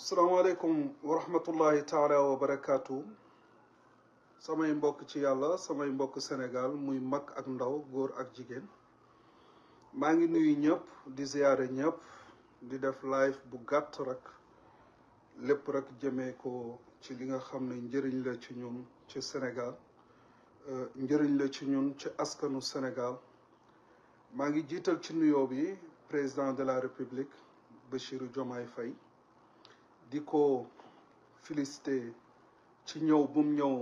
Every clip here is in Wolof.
salaamu aleykum wa rahmatullahi taala wa barakaatu samay mbokk ci yàlla samay mbokk Sénégal muy mag ak ndaw góor ak jigéen maa ngi nuyu ñëpp di ziyaare ñëpp di def live bu gàtt rekk lépp rek jëmee ko ci li nga xam ne njëriñ la ci ñun ci Sénégal euh, njëriñ la ci ñun ci askanu Sénégal maa ngi jiital ci nuyoo bi président de la République Bassirou jomaay fay di ko félicité ci ñëw bum ñëw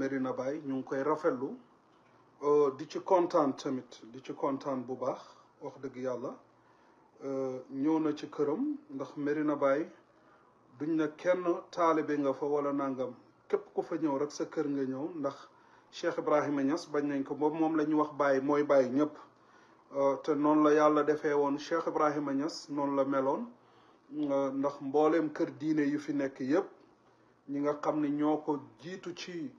Medina Baye ñu ngi koy rafetlu euh, di ci kontaan tamit di ci kontaan bu baax wax dëgg yàlla euh, ñëw na ci këram ndax Medina Baye duñ na kenn taalibe nga fa wala nangam képp ku fa ñëw rek sa kër nga ñëw ndax Cheikh Ibrahima Niass bañ nañ ko boobu moom la ñu wax Baye mooy Baye ñëpp euh, te noonu la yàlla defee woon Cheikh Ibrahima Niass noonu la meloon ndax mbooleem kër diine yu fi nekk yépp ñi nga xam ne ñoo ko jiitu ci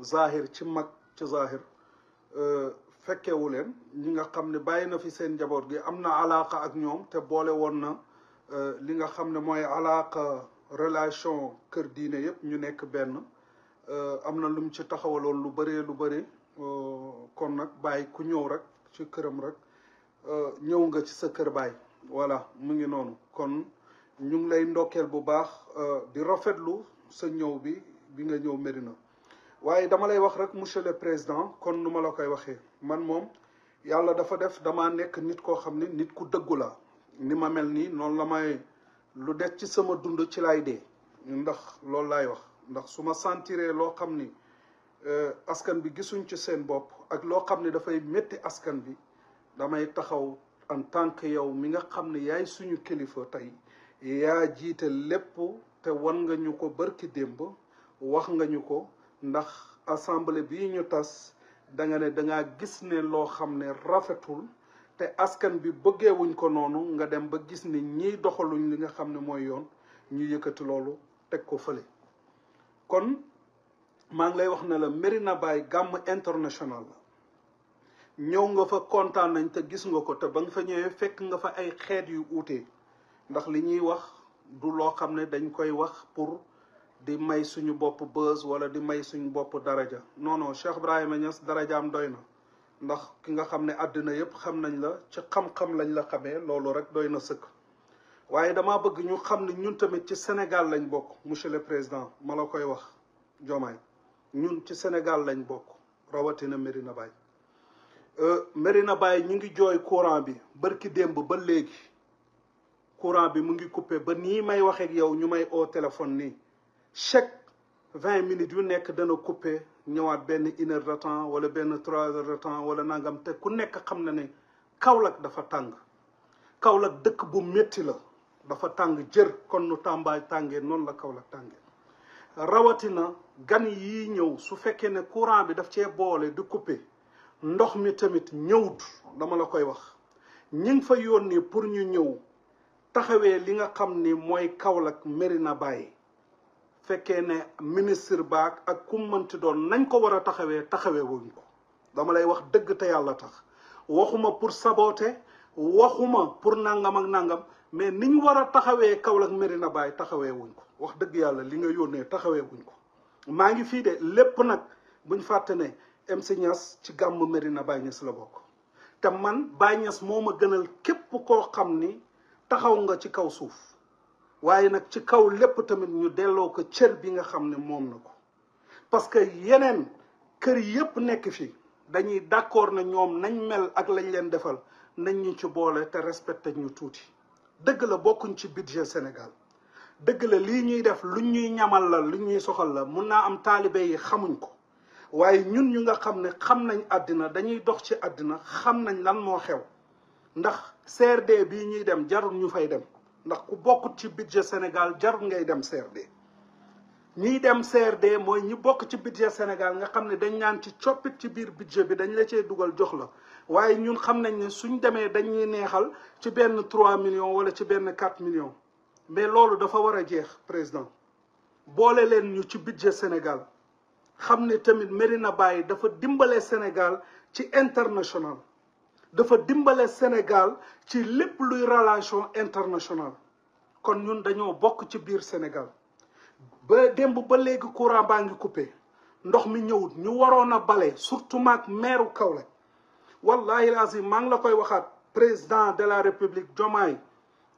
zahir ci mag ci zahir euh, fekkewu leen ñi nga xam ne bàyyi na fi seen njaboot gi am na alaaka ak ñoom te boole woon na euh, li nga xam ne mooy alaaka relation kër diine yépp ñu nekk benn euh, am na lu mu ci taxawaloon lu bëree lu bëri kon nag bàyyi ku ñëw rek ci këram rek ñëw nga ci sa kër bàyyi voilà mu ngi noonu kon ñu ngi lay ndokkeel bu baax euh, di rafetlu sa ñëw bi bi nga ñëw Médina waaye dama lay wax rek monsieur le président kon nu ma la koy waxee man moom yàlla dafa def dama nekk nit koo xam ne nit ku dëggu la ni ma mel nii noonu la may lu des ci sama dund ci laay dee ndax loolu laay wax ndax su ma sentiree loo xam ni euh, askan bi gisuñ ci seen bopp ak loo xam ne dafay métti askan bi damay taxaw en tant yow mi nga xam ne yaay suñu kilifa tey yaa jiite lépp te wan nga ñu ko barki démb wax nga ñu ko ndax assemblée bii ñu tas da ne dangaa gis ne loo xam ne rafetul te askan bi bëggeewuñ ko noonu nga dem ba gis ni ñiy doxaluñ li nga xam ne mooy yoon ñu yëkkati loolu teg ko fële kon maa ngi lay wax ne la Médina Baye gàmm international la ñëw nga fa kontaan nañ te gis nga ko te ba nga fa ñëwee fekk nga fa ay xeet yu uute ndax li ñuy wax du loo xam ne dañ koy wax pour di may suñu bopp bës wala di may suñu bopp daraja non non Cheikh Ibrahima Niass darajaam doy na ndax ki nga xam ne àddina yépp xam nañ la ci xam-xam lañ la xamee loolu rek doy na sëkk waaye dama bëgg ñu xam ne ñun tamit ci Sénégal lañ bokk monsieur le président ma la koy wax Diomaye ñun ci Sénégal lañ bokk rawatina Medina Baye euh, Medina Baye ñu ngi jooy courant bi bërki démb ba léegi courant bi mu ngi coupé ba nii may wax yow ñu may oo téléphone nii chaque vingt minutes yu nekk dana coupé ñëwaat benn une heure de temps wala benn trois heures de temps wala nangam te ku nekk xam na ne Kaolack dafa tàng Kaolack dëkk bu metti la dafa tàng jër kon nu tàmbaay tàngee noonu la Kaolack tàngee rawatina gan yi ñëw su fekkee ne courant bi daf cee boole di coupé ndox mi tamit ñëw dama la koy wax ñi ngi fa yónnee pour ñu ñëw taxawee li nga xam ni mooy Kaolack Médina bàyyi fekkee ne ministre baak ak ku mënti doon nañ ko war a taxawee taxawee wuñ ko dama lay wax dëgg te yàlla tax waxuma pour saboter waxuma pour nangam ak nangam mais niñ war a taxawee Kaolack Médina Baye taxawee wuñ ko wax dëgg yàlla li nga yónnee taxawee wuñ ko maa ngi fii de lépp nag buñ fàtte ne ci gàmm Médina Baye Niass la bokk te man Baye Niass moo ma gënal képp koo xam ni taxaw nga ci kaw suuf waaye nag ci kaw lépp tamit ñu delloo ko cër bi nga xam ne moom na ko parce que yeneen kër yépp nekk fii dañuy d'accord na ñoom nañ mel ak lañ leen defal nañ ñu ci boole te respecté ñu tuuti dëgg la bokkuñ ci budget Sénégal dëgg la lii ñuy def lu ñuy ñamal la luñ ñuy soxal la mun naa am taalibe yi xamuñ ko waaye ñun ñu nga xam ne xam nañ àddina dañuy dox ci àddina xam nañ lan moo xew ndax CRD bii ñuy dem jarul ñu fay dem ndax ku bokkut ci budget Sénégal jarul ngay dem CRD ñiy dem CRD mooy ñi bokk ci budget Sénégal nga xam ne dañ naan ci coppit ci biir budget bi dañ la cee dugal jox la waaye ñun xam nañ ne suñ demee dañuy neexal ci benn 3 millions wala ci benn 4 millions mais loolu dafa war a jeex président boole leen ñu ci budget Sénégal xam ne tamit Médina bàyyi dafa dimbale Sénégal ci international dafa dimbale Sénégal ci lépp luy relation internationale kon ñun dañoo bokk ci biir Sénégal ba démb ba léegi courant baa ngi coupé ndox mi ñëwut ñu waroon a bale surtout maag meeru Kaolack wallahi lazim maa ngi la koy waxaat président de la république Diomaye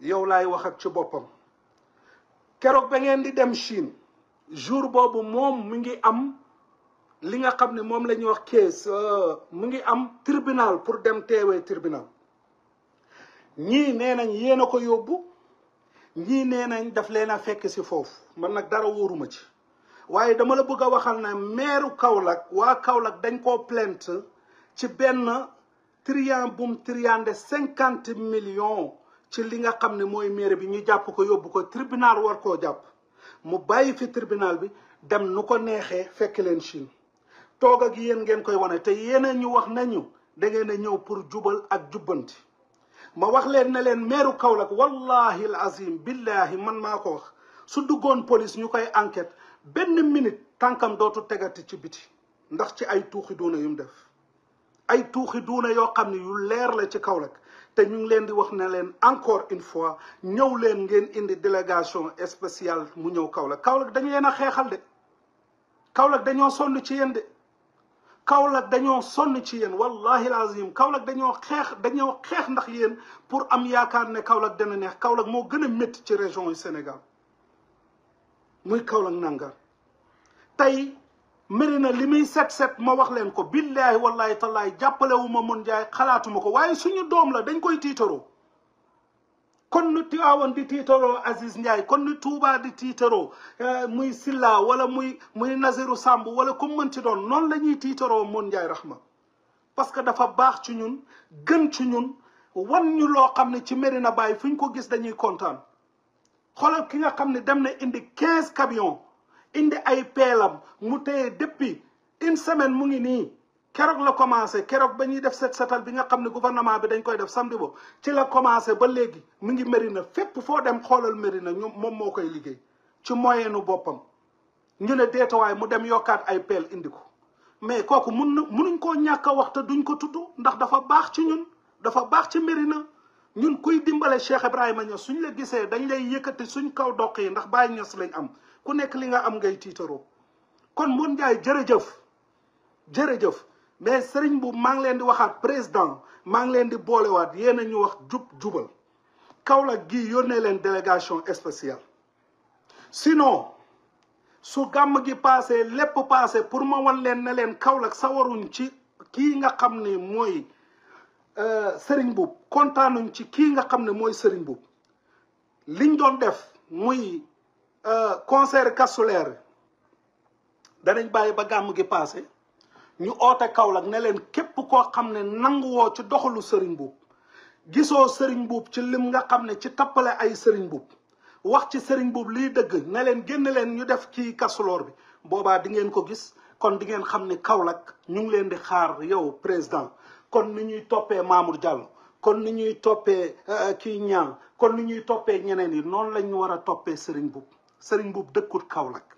yow laay wax ak ci boppam keroog ba ngeen di dem Chine jour boobu moom mu ngi am li nga xam ne moom la ñuy wax case euh, mu ngi am tribunal pour dem teewee tribunal ñii nee nañ yéen a ko yóbbu ñii nee nañ daf leen a fekk si foofu man nag dara wóoruma ci waaye dama la bëgg a waxal na meeru Kaolack waa Kaolack dañ koo plainte ci benn trian bum triande cinquante millions ci li nga xam ne mooy mairie bi ñu jàpp ko yóbbu ko tribunal war koo jàpp mu bàyyi fi tribunal bi dem nu ko neexee fekk leen Chine toog ak yéen ngeen koy wane te yéen ñu wax nañu dangeen a ñëw pour jubal ak jubbanti ma wax leen ne leen meeru Kaolack wallahi al azim billahi man maa ko wax su duggoon police ñu koy enquête benn minute tànkam dootu tegati ci biti ndax ci ay tuuxi duuna yu mu def ay tuuxi duuna yoo xam ne yu leer la ci Kaolack te ñu ngi leen di wax na leen encore une fois ñëw leen ngeen indi délégation spéciale mu ñëw Kaolack Kaolack dañu leen a xeexal de Kaolack dañoo sonn ci yéen de Kaolack dañoo sonn ci yéen wallahi lazim Kaolack dañoo xeex dañoo xeex ndax yéen pour am yaakaar ne Kaolack dana neex Kaolack moo gën a métti ci région yu Sénégal muy Kaolack nangar tey mari na li muy set set ma wax leen ko billahi wallahi tallaay jàppalewuma mun jaay xalaatuma ko waaye suñu doom la dañ koy tiitaroo kon nu Tiwaawoon di tiitaroo Aziz Ndiaye kon nu Touba di tiitaroo eh, muy Silla wala muy muy Naziru Samb wala ku mën ci doon noonu la ñuy tiitaroo Moon Ndiaye Rahma parce que dafa baax ci ñun gën ci ñun wan ñu loo xam ne ci Medina Baye fu ñu ko gis dañuy kontaan xoolal ki nga xam ne dem na indi quinze camions indi ay peelam mu téye depuis une semaine mu ngi nii keroog la commencé keroog ba ñuy def set setal bi nga xam ne gouvernement bi dañ koy def samedi boobu ci la commencé ba léegi mu ngi Médina fépp foo dem xoolal Médina ñoom moom moo koy liggéey ci moyenu boppam ñu ne deetawaay mu dem yokkaat ay peel indi ko mais kooku mun na munuñ koo ñàkk a wax te duñ ko tudd ndax dafa baax ci ñun dafa baax ci Médina ñun kuy dimbale Cheikh Ibrahima Niass suñ la gisee dañ lay yëkkati suñ kaw doq yi ndax Baye Niass lañ am ku nekk li nga am ngay tiitaroo kon mun njaay jërëjëf jërëjëf mais sëriñ bu maa ngi leen di waxaat président maa ngi leen di boolewaat yéen a ñu wax jub jubal Kaolack gi yónnee leen délégation spéciale sinon su gàmm gi paase lépp passé pour ma wan leen ne leen Kaolack sawaruñ ci kii nga xam ne mooy euh, sëriñ buub kontaanuñ ci kii nga xam ne mooy sëriñ buub liñ doon def muy euh, concert cassulaire danañ bàyyi ba gàmm gi passé ñu oote Kaolack ne leen képp koo xam ne nanguwoo ci doxalu sëriñ buub gisoo sëriñ buub ci lim nga xam ne ci tappale ay sëriñ buub wax ci sëriñ buub liy dëgg ne leen génn leen ñu def ci kasuloor bi boobaa di ngeen ko gis kon di ngeen xam ne Kaolack ñu ngi leen di xaar yow président kon ni ñuy toppee Mamour Diallo kon ni ñuy toppee euh, kii ñaan kon ni ñuy toppee ñeneen yi noonu lañ war a toppee sëriñ buub sëriñ buub dëkkut Kaolack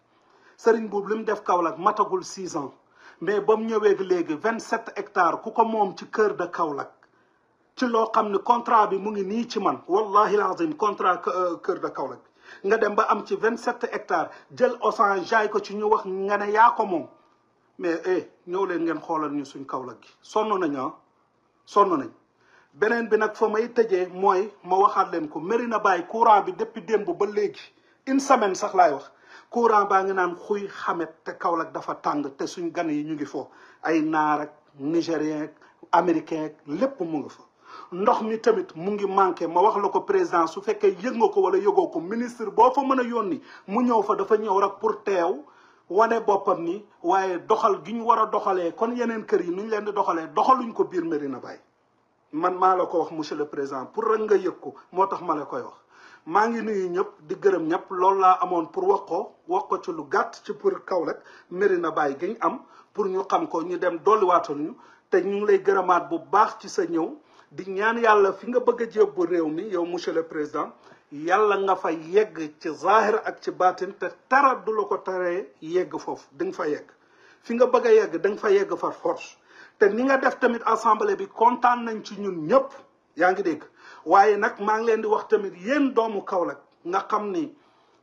sëriñ buub li mu def Kaolack matagul six mais ba mu ñëwee léegi vingt sept hectares ku ko moom ci kër de Kaolack ci loo xam ne contrat bi mu ngi nii ci man wallahi lazim contrat euh, kër de Kaolack bi nga dem ba am ci vingt sept hectares jël Auchan jaay ko ci ñu wax nga ne yaa ko moom mais eh ñëw leen ngeen xoolal ñu suñ Kaolack gi sonn nañ ah sonn nañ beneen bi nag fa may tëjee mooy ma waxaat leen ko Médina bàyyi courant bi depuis démb ba léegi une semaine sax laay wax courant baa ngi naan xuy xamet te kaw Kaolack dafa tàng te suñ gan yi ñu ngi foofu ay naar ak nigérien ak américain ak lépp mu ngi fa ndox mi tamit mu ngi manqué ma wax la ko président su fekkee yëg nga ko wala yëgoo ko ministre boo fa mën a yónni mu ñëw fa dafa ñëw rek pour teew wane boppam nii waaye doxal gi ñu war a doxalee kon yeneen kër yi nu ñu leen di doxalee doxaluñ ko biir Médina baay man maa la ko wax monsieur le président pour rek nga yëg ko moo tax ma la koy wax maa ngi nuyu ñëpp di gërëm ñëpp loolu laa amoon pour wax ko wax ko ci lu gàtt ci pour kaw rek Kaolack na bàyyi gi am pour ñu xam ko ñu dem dolliwaatal ñu te ñu ngi lay gërëmaat bu baax ci sa ñëw di ñaan yàlla fi nga bëgg a jébbu réew mi yow monsieur le président yàlla nga fa yegg ci zahir ak ci baatin te tara du la ko taree yegg foofu di nga fa yegg fi nga bëgg a yegg da nga fa yegg fa force te ni nga def tamit assemblée bi kontaan nañ ci ñun ñëpp yaa ngi dégg waaye nag maa ngi leen di wax tamit yéen doomu Kaolack nga xam ni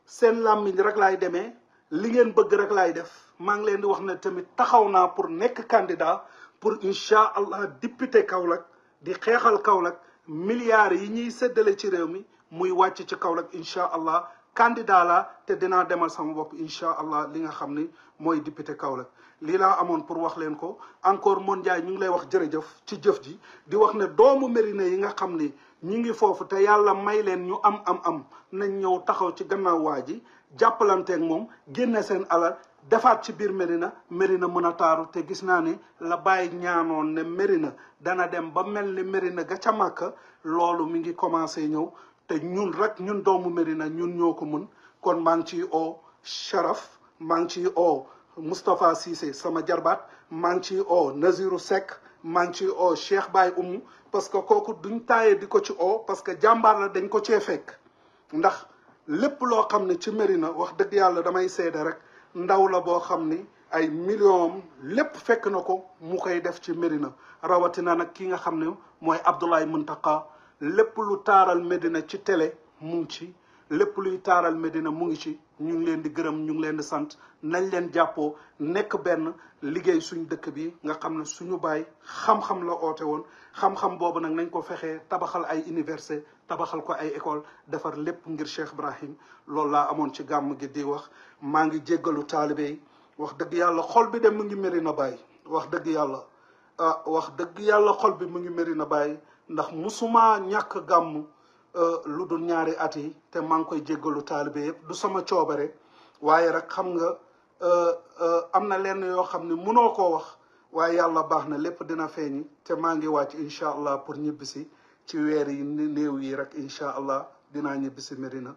seen làmmiñ rek laay demee li ngeen bëgg rek laay def maa ngi leen di wax ne tamit taxaw naa pour nekk candidat pour incha allah député Kaolack di xeexal Kaolack milliards yi ñuy séddale ci réew mi muy wàcc ci Kaolack incha allah candidat la te dinaa demal sama bopp incha allah li nga xam ni mooy député Kaolack lii laa amoon pour wax leen ko encore Mon Ndiaye ñu ngi lay wax jërëjëf ci jëf ji di wax ne doomu Médina yi nga xam ni ñu ngi foofu te yàlla may leen ñu am am am nañ ñëw taxaw ci gannaaw waa ji jàppalanteek moom génna seen alal defaat ci biir Médina Médina mën a taaru te gis naa ni la bàyyi ñaanoon ne Médina dana dem ba mel ni Médina ga ca Màkka loolu mi ngi commencé ñëw te ñun rek ñun doomu Medina ñun ñoo ko mën kon maa ngi ciy oo Sharaf maa ngi ciy oo Moustapha Cissé sama jarbaat maa ngi ciy oo Nazirou Seck maa ngi ciy oo Cheikh Baye Oumou parce que kooku duñ taayee di ko ci oo parce que jàmbaar la dañ ko cee fekk ndax lépp loo xam ne ci merina wax dëgg yàlla damay seede rek ndaw la boo xam ni ay million lépp fekk na ko mu koy def ci merina rawatina nag ki nga xam ne mooy Abdoulaye Muntaka lépp lu taaral meddina ci télé mu ngi ci lépp luy taaral Medina mu ngi ci ñu ngi leen di gërëm ñu ngi leen di sant nañ leen jàppoo nekk benn liggéey suñ dëkk bi nga xam ne suñu baay xam-xam la oote woon xam-xam boobu nag nañ ko fexee tabaxal ay université tabaxal ko ay école defar lépp ngir Cheikh Ibrahim loolu laa amoon ci gàmm gi di wax maa ngi jéggalu taalibe yi wax dëgg yàlla xol bi dem mu ngi Medina Baye wax dëgg yàlla Ah, wax dëgg yàlla xol bi mu ngi Medina Baye ndax musuma ñàkk gàmm euh, lu dul ñaari at yi te maa ngi koy jéggalu taalibe yëpp du sama coobare waaye rek xam nga euh, euh, am na lenn yoo xam ne munoo ko wax waaye yàlla baax na lépp dina feeñi te maa ngi wàcc incha allah pour ñibbisi ci weer yi néew yi rek incha allah dinaa ñibbisi Medina